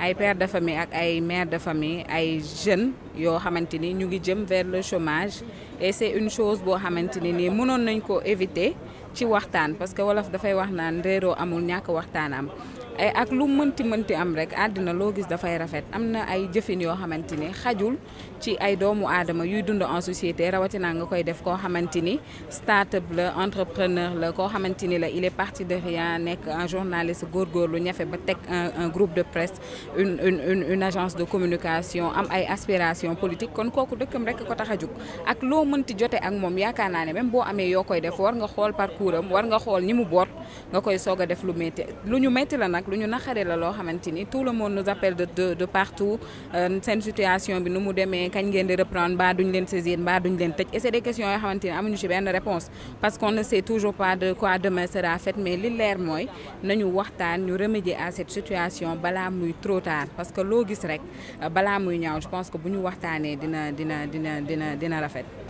ay pères de famille ak ay mères de famille ay jeunes yo xamanteni ñu ngi jëm vers le chômage et c'est une chose que xamanteni ni mënon nañ éviter ci waxtaan parce que wolof dafay wax naan réeroo amul ñàkk waxtaan ay ak lu mënti mënti am rek àddina loo gis dafay rafet am na ay jëfin yoo xamante ni xajul ci ay doomu aadama yuy dund en société rawatina nga koy def koo xamante ni start-up la entrepreneur la koo xamante ni la il est parti de rien nekk un journaliste góorgóorlu ñafe ba teg un groupe de presse une une une agence de communication am ay aspirations politiques kon kooku dëkkam rek ko tax a jug ak loo mënti jote ak moom yaakaar naa ne même boo amee yoo koy def war nga xool par parcours am war nga xool ñi mu boot nga koy soog def lu métti lu ñu la nak lu ñu la lo xamante tout le monde nous appelle de de de partout cette euh, situation bi nu mu demee kañ ngeen di reprendre ba duñ leen saisir ba duñ leen tëj et c'est des questions yoo xamante ni amuñu ci benn réponse parce qu'on ne sait toujours pas de quoi demain sera fait mais li leer mooy nañu waxtaan ñu remédier à cette situation balaa muy trop tard parce que loo gis rek balaa muy ñaaw je pense que bu ñu waxtaanee dina dina dina dina dina rafet